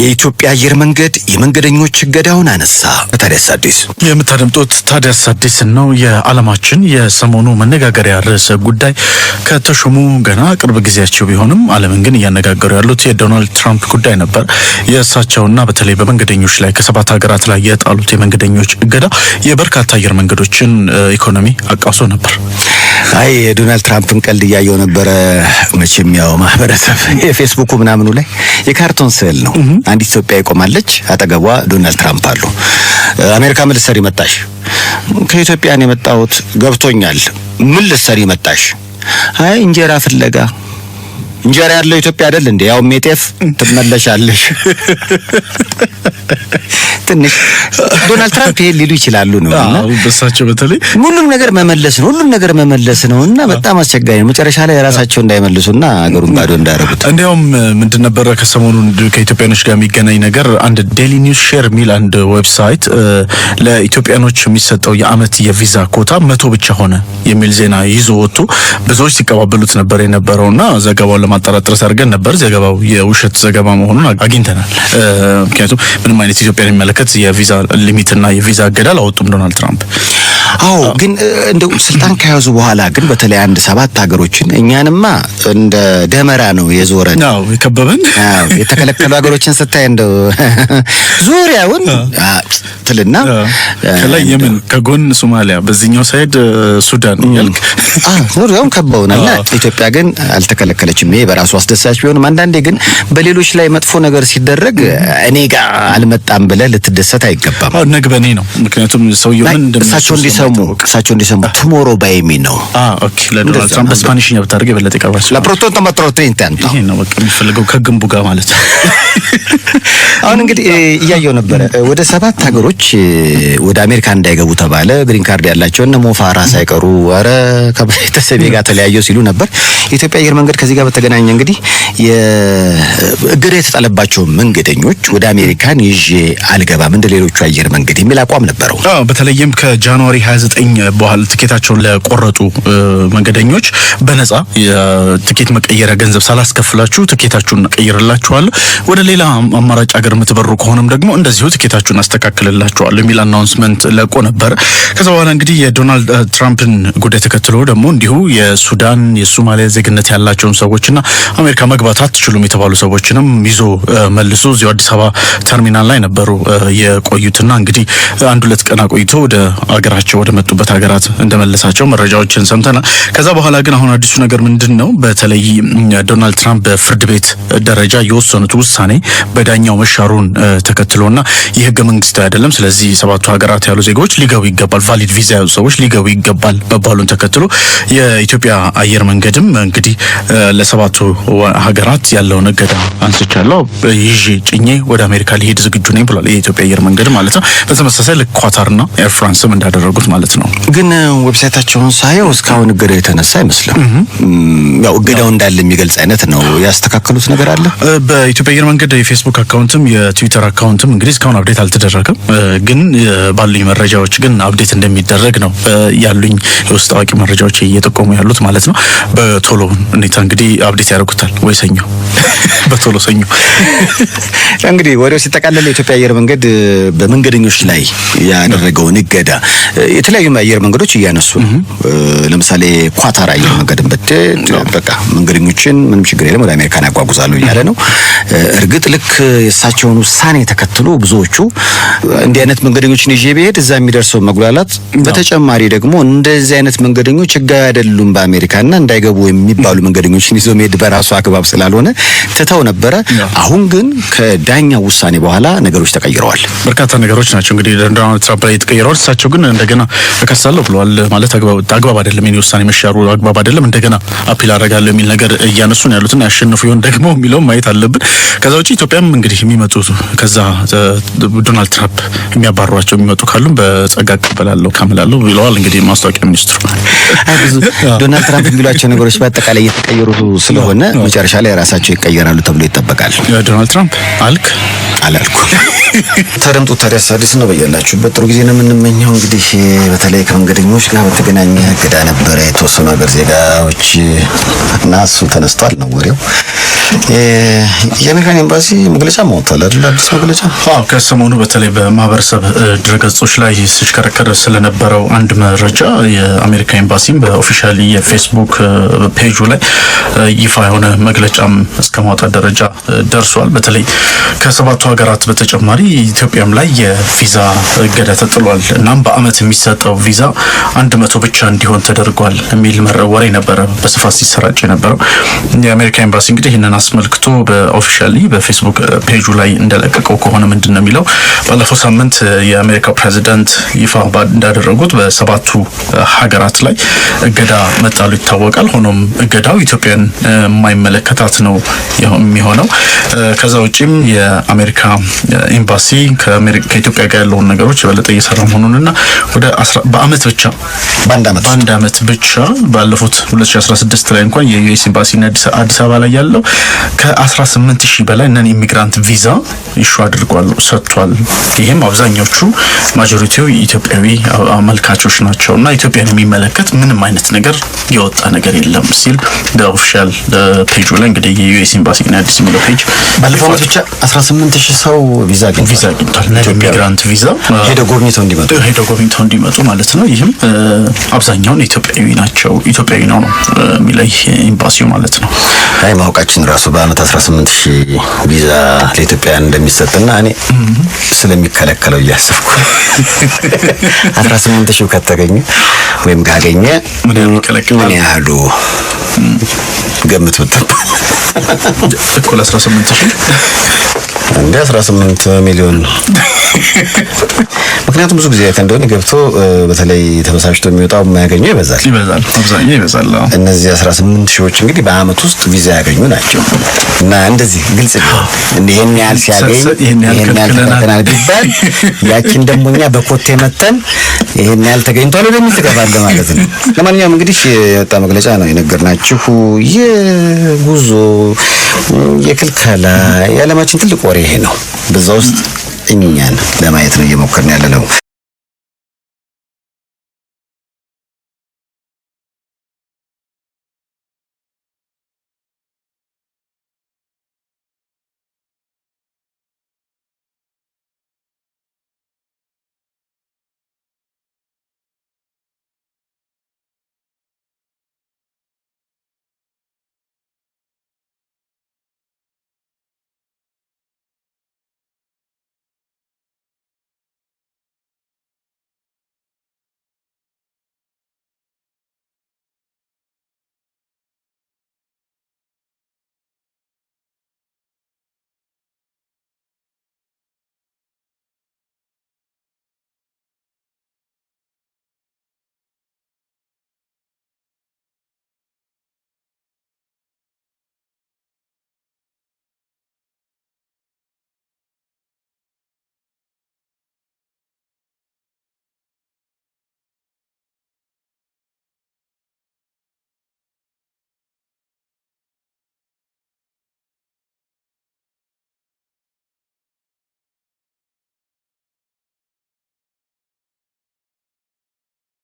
የኢትዮጵያ አየር መንገድ የመንገደኞች እገዳውን አነሳ። ታዲያስ አዲስ የምታደምጡት ታዲያስ አዲስ ነው። የዓለማችን የሰሞኑ መነጋገሪያ ርዕሰ ጉዳይ ከተሾሙ ገና ቅርብ ጊዜያቸው ቢሆንም ዓለምን ግን እያነጋገሩ ያሉት የዶናልድ ትራምፕ ጉዳይ ነበር። የእሳቸውና በተለይ በመንገደኞች ላይ ከሰባት ሀገራት ላይ የጣሉት የመንገደኞች እገዳ የበርካታ አየር መንገዶችን ኢኮኖሚ አቃውሶ ነበር። አይ የዶናልድ ትራምፕን ቀልድ እያየው ነበረ። መቼም ያው ማህበረሰብ የፌስቡኩ ምናምኑ ላይ የካርቶን ስዕል ነው። አንዲት ኢትዮጵያ ይቆማለች፣ አጠገቧ ዶናልድ ትራምፕ አሉ። አሜሪካ ምን ልትሰሪ መጣሽ? ነው የመጣሁት ገብቶኛል። ምን ልትሰሪ መጣሽ? አይ እንጀራ ፍለጋ እንጀራ ያለው ኢትዮጵያ አይደል እንዴ? ያው ሜጤፍ ትመለሻለሽ። ትንሽ ዶናልድ ትራምፕ ይሄ ሊሉ ይችላሉ ነው እና በሳቸው በተለይ ሁሉም ነገር መመለስ ነው፣ ሁሉም ነገር መመለስ ነው እና በጣም አስቸጋሪ ነው። መጨረሻ ላይ ራሳቸው እንዳይመልሱና አገሩን ባዶ እንዳያረጉት። እንዲያውም ምንድን ነበረ ከሰሞኑ ከኢትዮጵያኖች ጋር የሚገናኝ ነገር አንድ ዴሊ ኒውስ ሼር የሚል አንድ ዌብሳይት ለኢትዮጵያኖች የሚሰጠው የአመት የቪዛ ኮታ መቶ ብቻ ሆነ የሚል ዜና ይዞ ወጥቶ ብዙዎች ሲቀባበሉት ነበር የነበረውና ዘገባውን የማጠራጠር አድርገን ነበር። ዘገባው የውሸት ዘገባ መሆኑን አግኝተናል። ምክንያቱም ምንም አይነት ኢትዮጵያን የሚመለከት የቪዛ ሊሚትና የቪዛ እገዳ አላወጡም ዶናልድ ትራምፕ። አዎ ግን እንደው ስልጣን ከያዙ በኋላ ግን በተለይ አንድ ሰባት ሀገሮችን እኛንማ እንደ ደመራ ነው የዞረን አዎ የከበበን። አዎ የተከለከሉ ሀገሮችን ስታይ እንደው ዙሪያውን ትልና ከላይ የምን ከጎን ሶማሊያ፣ በዚህኛው ሳይድ ሱዳን ያልክ አዎ ዙሪያውን ከበውናልና ኢትዮጵያ ግን አልተከለከለችም። ይሄ በራሱ አስደሳች ቢሆንም አንዳንዴ ግን በሌሎች ላይ መጥፎ ነገር ሲደረግ እኔ ጋር አልመጣም ብለህ ልትደሰት አይገባም። አዎ ነግ በኔ ነው ምክንያቱም ሰውየው ምን እንደሚሰራ እንዲሰሙ እሳቸው እንዲሰሙ ቱሞሮ ባይ ሚ ነው። አዎ ኦኬ። ለዶናልድ ትራምፕ በስፓኒሽኛ ብታደርግ የበለጠ ይቀርባል። ለፕሮቶን ተመትሮ ትሬንት ያንተ ይሄ ነው በቃ የሚፈልገው ከግንቡ ጋር ማለት ነው። አሁን እንግዲህ እያየው ነበረ ወደ ሰባት ሀገሮች ወደ አሜሪካ እንዳይገቡ ተባለ። ግሪን ካርድ ያላቸው እነ ሞፋራ ሳይቀሩ ኧረ ከቤተሰቤ ጋር ተለያየው ሲሉ ነበር። የኢትዮጵያ አየር መንገድ ከዚህ ጋር በተገናኘ እንግዲህ እገዳ የተጣለባቸው መንገደኞች ወደ አሜሪካን ይዤ አልገባም እንደ ሌሎቹ አየር መንገድ የሚል አቋም ነበረው። አዎ በተለይም ከጃንዋሪ 29 በኋላ ትኬታቸውን ለቆረጡ መንገደኞች በነጻ የትኬት መቀየሪያ ገንዘብ ሳላስከፍላችሁ ትኬታችሁን ቀይርላችኋል። ወደ ሌላ አማራጭ ሀገር የምትበሩ ከሆነም ደግሞ እንደዚሁ ትኬታችሁን አስተካክልላችኋል የሚል አናውንስመንት ለቆ ነበር። ከዛ በኋላ እንግዲህ የዶናልድ ትራምፕን ጉዳይ ተከትሎ ደግሞ እንዲሁ የሱዳን የሶማሊያ ዜግነት ያላቸውን ሰዎችና አሜሪካ መግባት አትችሉም የተባሉ ሰዎችንም ይዞ መልሶ እዚሁ አዲስ አበባ ተርሚናል ላይ ነበሩ የቆዩትና እንግዲህ አንድ ሁለት ቀን አቆይቶ ወደ አገራቸው ወደ መጡበት ሀገራት እንደመለሳቸው መረጃዎችን ሰምተናል። ከዛ በኋላ ግን አሁን አዲሱ ነገር ምንድን ነው? በተለይ ዶናልድ ትራምፕ በፍርድ ቤት ደረጃ የወሰኑት ውሳኔ በዳኛው መሻሩን ተከትሎና የህገ መንግስት አይደለም፣ ስለዚህ ሰባቱ ሀገራት ያሉ ዜጎች ሊገቡ ይገባል፣ ቫሊድ ቪዛ ያሉ ሰዎች ሊገቡ ይገባል መባሉን ተከትሎ የኢትዮጵያ አየር መንገድም እንግዲህ ለሰባቱ ሀገራት ያለውን እገዳ አንስቻለሁ ይዤ ጭኜ ወደ አሜሪካ ሊሄድ ዝግጁ ነኝ ብሏል። የኢትዮጵያ አየር መንገድ ማለት ነው። በተመሳሳይ ልክ ኳታርና ኤርፍራንስም እንዳደረጉት ማለት ማለት ነው። ግን ዌብሳይታቸውን ሳየው እስካሁን እገዳው የተነሳ አይመስልም። ያው እገዳው እንዳለ የሚገልጽ አይነት ነው። ያስተካከሉት ነገር አለ። በኢትዮጵያ አየር መንገድ የፌስቡክ አካውንትም የትዊተር አካውንትም እንግዲህ እስካሁን አብዴት አልተደረገም። ግን ባሉኝ መረጃዎች ግን አብዴት እንደሚደረግ ነው ያሉኝ የውስጥ አዋቂ መረጃዎች እየጠቆሙ ያሉት ማለት ነው። በቶሎ ሁኔታ እንግዲህ አብዴት ያደርጉታል ወይ ሰኞ፣ በቶሎ ሰኞ እንግዲህ ወዲያው ሲጠቃለል የኢትዮጵያ አየር መንገድ በመንገደኞች ላይ ያደረገውን እገዳ የተለያዩ አየር መንገዶች እያነሱ ነው። ለምሳሌ ኳታር አየር መንገድን ብትሄድ በቃ መንገደኞችን ምንም ችግር የለም ወደ አሜሪካን ያጓጉዛሉ እያለ ነው። እርግጥ ልክ የእሳቸውን ውሳኔ ተከትሎ ብዙዎቹ እንዲህ አይነት መንገደኞችን ይዤ ብሄድ እዛ የሚደርሰው መጉላላት፣ በተጨማሪ ደግሞ እንደዚህ አይነት መንገደኞች ህጋዊ አይደሉም በአሜሪካና እንዳይገቡ የሚባሉ መንገደኞችን ይዞ መሄድ በራሱ አግባብ ስላልሆነ ትተው ነበረ። አሁን ግን ከዳኛው ውሳኔ በኋላ ነገሮች ተቀይረዋል። በርካታ ነገሮች ናቸው እንግዲህ ዶናልድ ትራምፕ ላይ የተቀይረዋል። እሳቸው ግን እንደገና እከሳለሁ ብለዋል። ማለት አግባብ አይደለም የኔ ውሳኔ መሻሩ አግባብ አይደለም፣ እንደገና አፒል አደርጋለሁ የሚል ነገር እያነሱ ያሉትን ያሉትና ያሸንፉ ይሆን ደግሞ የሚለውን ማየት አለብን። ከዛ ውጭ ኢትዮጵያም እንግዲህ የሚመጡ ከዛ ዶናልድ ትራምፕ የሚያባሯቸው የሚመጡ ካሉም በጸጋ እቀበላለሁ ካምላለሁ ብለዋል። እንግዲህ ማስታወቂያ ሚኒስትሩ ብዙ ዶናልድ ትራምፕ የሚሏቸው ነገሮች በአጠቃላይ እየተቀየሩ ስለሆነ መጨረሻ ላይ ራሳቸው ይቀየራሉ ተብሎ ይጠበቃል። ዶናልድ ትራምፕ አልክ አላልኩ። ተረምጡ ታዲያስ አዲስ ነው። በያላችሁበት ጥሩ ጊዜ ነው የምንመኘው። እንግዲህ በተለይ ከመንገደኞች ጋር በተገናኘ እገዳ ነበረ የተወሰኑ ሀገር ዜጋዎች እና እሱ ተነስቷል ነው ወሬው። የአሜሪካን ኤምባሲ መግለጫ ማወጣል አይደል? አዲስ መግለጫ ከሰሞኑ በተለይ በማህበረሰብ ድረገጾች ላይ ሲሽከረከር ስለነበረው አንድ መረጃ የአሜሪካ ኤምባሲም በኦፊሻል የፌስቡክ ፔጁ ላይ ይፋ የሆነ መግለጫም እስከ ማውጣት ደረጃ ደርሷል። በተለይ ከሰባቱ ሀገራት በተጨማሪ ኢትዮጵያም ላይ የቪዛ እገዳ ተጥሏል። እናም በአመት የሚሰጠው ቪዛ አንድ መቶ ብቻ እንዲሆን ተደርጓል የሚል ወሬ ነበረ በስፋት ሲሰራጭ የነበረው። የአሜሪካ ኤምባሲ እንግዲህ ይህንን አስመልክቶ በኦፊሻሊ በፌስቡክ ፔጁ ላይ እንደለቀቀው ከሆነ ምንድን ነው የሚለው ባለፈው ሳምንት የአሜሪካ ፕሬዚደንት ይፋ እንዳደረጉት በሰባቱ ሀገራት ላይ እገዳ መጣሉ ይታወቃል። ሆኖም እገዳው ኢትዮጵያን የማይመለከታት ነው የሚሆነው ከዛ ውጭም የአሜሪካ የአሜሪካ ኤምባሲ ከኢትዮጵያ ጋር ያለውን ነገሮች የበለጠ እየሰራ መሆኑንና ወደ በአመት ብቻ በአንድ አመት ብቻ ባለፉት 2016 ላይ እንኳን የዩኤስ ኤምባሲ አዲስ አበባ ላይ ያለው ከ18 ሺህ በላይ ነን ኢሚግራንት ቪዛ ይሹ አድርጓል ሰጥቷል። ይህም አብዛኛዎቹ ማጆሪቲው ኢትዮጵያዊ አመልካቾች ናቸው እና ኢትዮጵያን የሚመለከት ምንም አይነት ነገር የወጣ ነገር የለም ሲል ኦፊሻል ፔጁ ላይ እንግዲህ የዩኤስ ኤምባሲ አዲስ የሚለው ፔጅ ባለፈው አመት ብቻ 18 ሺህ ሰው ቪዛ ቪዛ አግኝቷል። ቪዛ ሄደ ጎብኝተው እንዲመጡ ሄደ ጎብኝተው እንዲመጡ ማለት ነው። ይህም አብዛኛውን ኢትዮጵያዊ ናቸው ኢትዮጵያዊ ነው ነው የሚለይ ኤምባሲው ማለት ነው። አይ ማወቃችን ራሱ በአመት 18 ሺህ ቪዛ ለኢትዮጵያውያን እንደሚሰጥና እኔ ስለሚከለከለው እያሰብኩ 18 ሺህ ከተገኘ ወይም ካገኘ ምን ያህሉ ገምት ብትባል እኩል 18 ሺህ እንደ 18 ሚሊዮን ምክንያቱም ብዙ ጊዜ አይተህ እንደሆነ ገብቶ በተለይ ተበሳጭቶ የሚወጣው የማያገኘው ይበዛል ይበዛል አብዛኛው ይበዛል። እነዚህ 18 ሺዎች እንግዲህ በአመት ውስጥ ቪዛ ያገኙ ናቸው እና እንደዚህ ግልጽ ነው። ይህን ያህል ሲያገኝ ያህል ቢባል ያቺን ደግሞ እኛ በኮቴ መተን ይሄን ያህል ተገኝቷል ወደሚል ትገባለህ ማለት ነው። ለማንኛውም እንግዲህ የወጣ መግለጫ ነው የነገርናችሁ የጉዞ የክልከላ የዓለማችን ትልቅ ወሬ ይሄ ነው። በዛ ውስጥ እኛን ለማየት ነው እየሞከርን ያለ ነው።